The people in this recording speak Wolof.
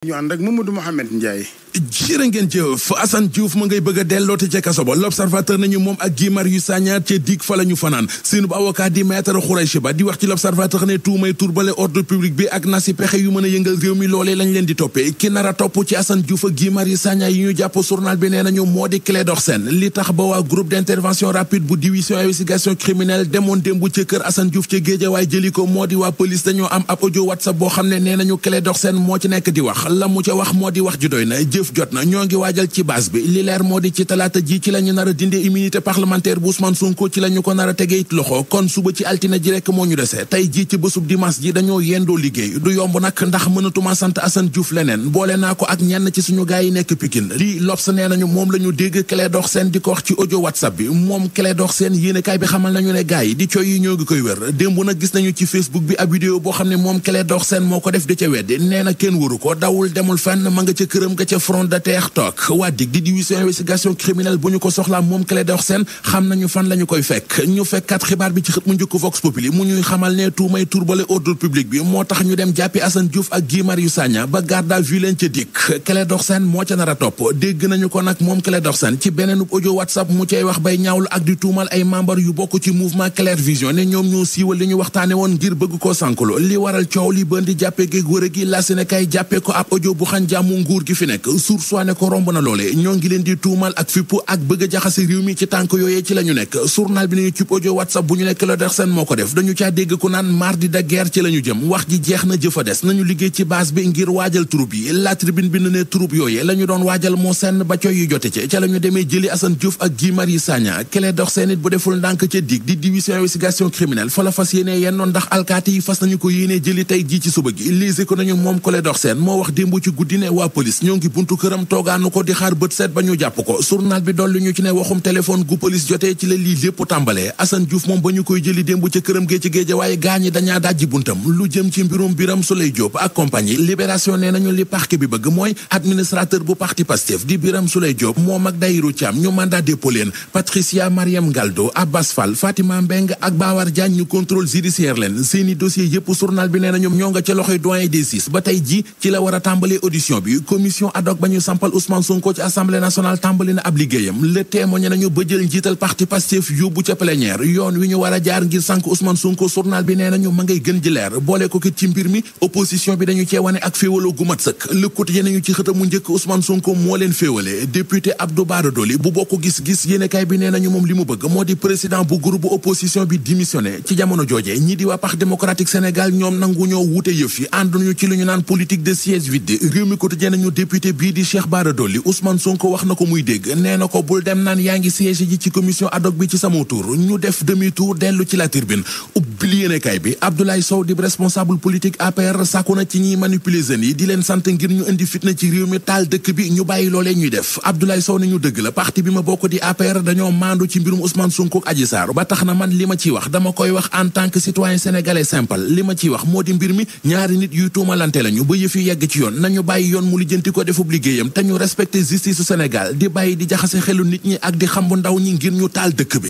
ñu ànd ak Mamadou Mouhamed Ndiaye. jërë ngeen jëf Assane Diouf ma ngay bëgg a delloote ca kaso ba l'observateur nañu moom ak Guy Marius Sagna ca dig fa la fanaan seen bu di maître Khouraychi Ba di wax ci l'observateur ne tuumay turbale ordre public bi ak nasi pexe yu mën a yëngal réew mi loolee lañ leen di toppee ki nar a topp ci Assane Diouf ak Guy Marius Sagna yi ñu jàpp journal bi nee nañu moo di Clédor Sène li tax ba waa groupe d'intervention rapide bu division investigation criminelle demoon démb ca kër Assane Diouf ca ko moo di waa police dañoo am boo xam ne nee nañu Clédor moo ci nekk di wax la mu ca wax moo di wax ju doy na jëf jot na ñoo ngi waajal ci base bi li leer moo di ci talaata ji ci la ñu nar a dindi immunité parlementaire bu Ousmane Sonko ci la ñu ko nar a tege it loxo kon suba ci altine ji rek moo ñu desee tey ji ci bésub dimanche ji dañoo yendoo liggéey du yomb nag ndax mënatuma sant Assane Diouf leneen boole naa ko ak ñenn ci suñu gaay yi nekk Pikine lii L'Obs nee nañu moom la ñu dégg Clédor Sène di ko wax ci audio WhatsApp bi moom Clédor Sène yéenekaay bi ne gaay yi di coy yi ñoo ngi gis nañu ci Facebook bi boo xam ne moom Clédor Sène moo ko def di ca nee na kenn waru ko daw nelawul demul fenn ma nga ca këram ga ca front de terre toog waa dig mu njëkk xamal ne tuumay turbale ordre public bi moo tax ñu dem jàppi Assane Diouf ak Guy Marius Sagna ba garde à vue ca dikk Clédor moo ca nar a topp dégg nañu ko nag moom Clédor ci beneen audio WhatsApp mu cay wax bay ñaawlu ak di tuumal ay membre yu bokk ci mouvement Clair Vision ne ñoom ñoo siiwal li ñu waxtaane woon ngir bëgg koo sànkulo li waral coow li bën di géeg wër gi la ko ab audio bu xan jàmmu nguur gi fi nekk suur ne ko romb na loole ñoo ngi leen di tuumal ak fipp ak bëgg a jaxase réew mi ci tànk yooyee ci la ñu nekk journal bi nañu cib ci whatsapp bu ñu nekk la dex seen moo dañu caa dégg ku naan mardi da guerre ci la ñu jëm wax ji jeex na jëfa des nañu liggéey ci base bi ngir waajal troupe yi la tribune bi ne troupe yooyee la doon waajal moo seen ba coy jote ci ca la demee jëli Assane Diouf ak Guy Marius Sagna kelee dox seen it bu deful ndànk ca dig di ko yéenee jëli tey ji suba gi lise moom kole dox moo wax démb ci guddi ne waa police ñoo ngi buntu këram toogaanu ko di xaar bët seet ba ñu jàpp ko journal bi dolli ñu ci ne waxum téléphone gu police jotee ci la lii lépp tàmbalee Assane Diouf moom ba ñu koy jëli démb ci këram gee ci waaye gaañ dañaa dajji buntam lu jëm ci mbirum Biram Souleye Diop ak compagnie libération nee nañu li parquet bi bëgg mooy administrateur bu parti Pastef di Biram Souleye Diop moom ak Dayirou Thiam ñu mandat dépôt leen Patricia Mariam tàmbalee audition bi commission ad ba ñu sampal Ousmane Sonko ci assemblée nationale tàmbali na ab liggéeyam le témoigné nañu ba jël njiital parti Pastef yóbbu ca plénière yoon wi ñu war jaar ngir sànk Ousmane Sonko journal bi nee nañu ma ngay gën ji boole ko kit ci mbir mi opposition bi dañu cee ak féewaloo gu sëkk le quotidien nañu ci xëtamu njëkk Ousmane Sonko moo leen féewale député Abdou Bara Dolly bu bokk gis-gis yéenekaay bi 2018 di réew mi nañu député bii di Cheikh Bara Dolly Ousmane wax na ko muy dégg nee na ko bul dem naan yaa ngi siège ji ci commission ad bi ci sama tour ñu def demi dellu ci la tribune ubbi yéenekaay bi Abdoulaye Sow di responsable politique APR sàkku na ci ñiy manipuler yi di leen sant ngir ñu indi fitna ci réew mi taal dëkk bi ñu bàyyi loolee ñuy def Abdoulaye Sow ne ñu dëgg la parti bi ma bokk di APR dañoo maandu ci mbirum Ousmane yoon nañu bàyyi yoon mu lijjanti ko defub liggéeyam te ñu respecté justice su Sénégal di bàyyi di jaxase xelu nit ñi ak di xambu ndaw ñi ngir ñu taal dëkk bi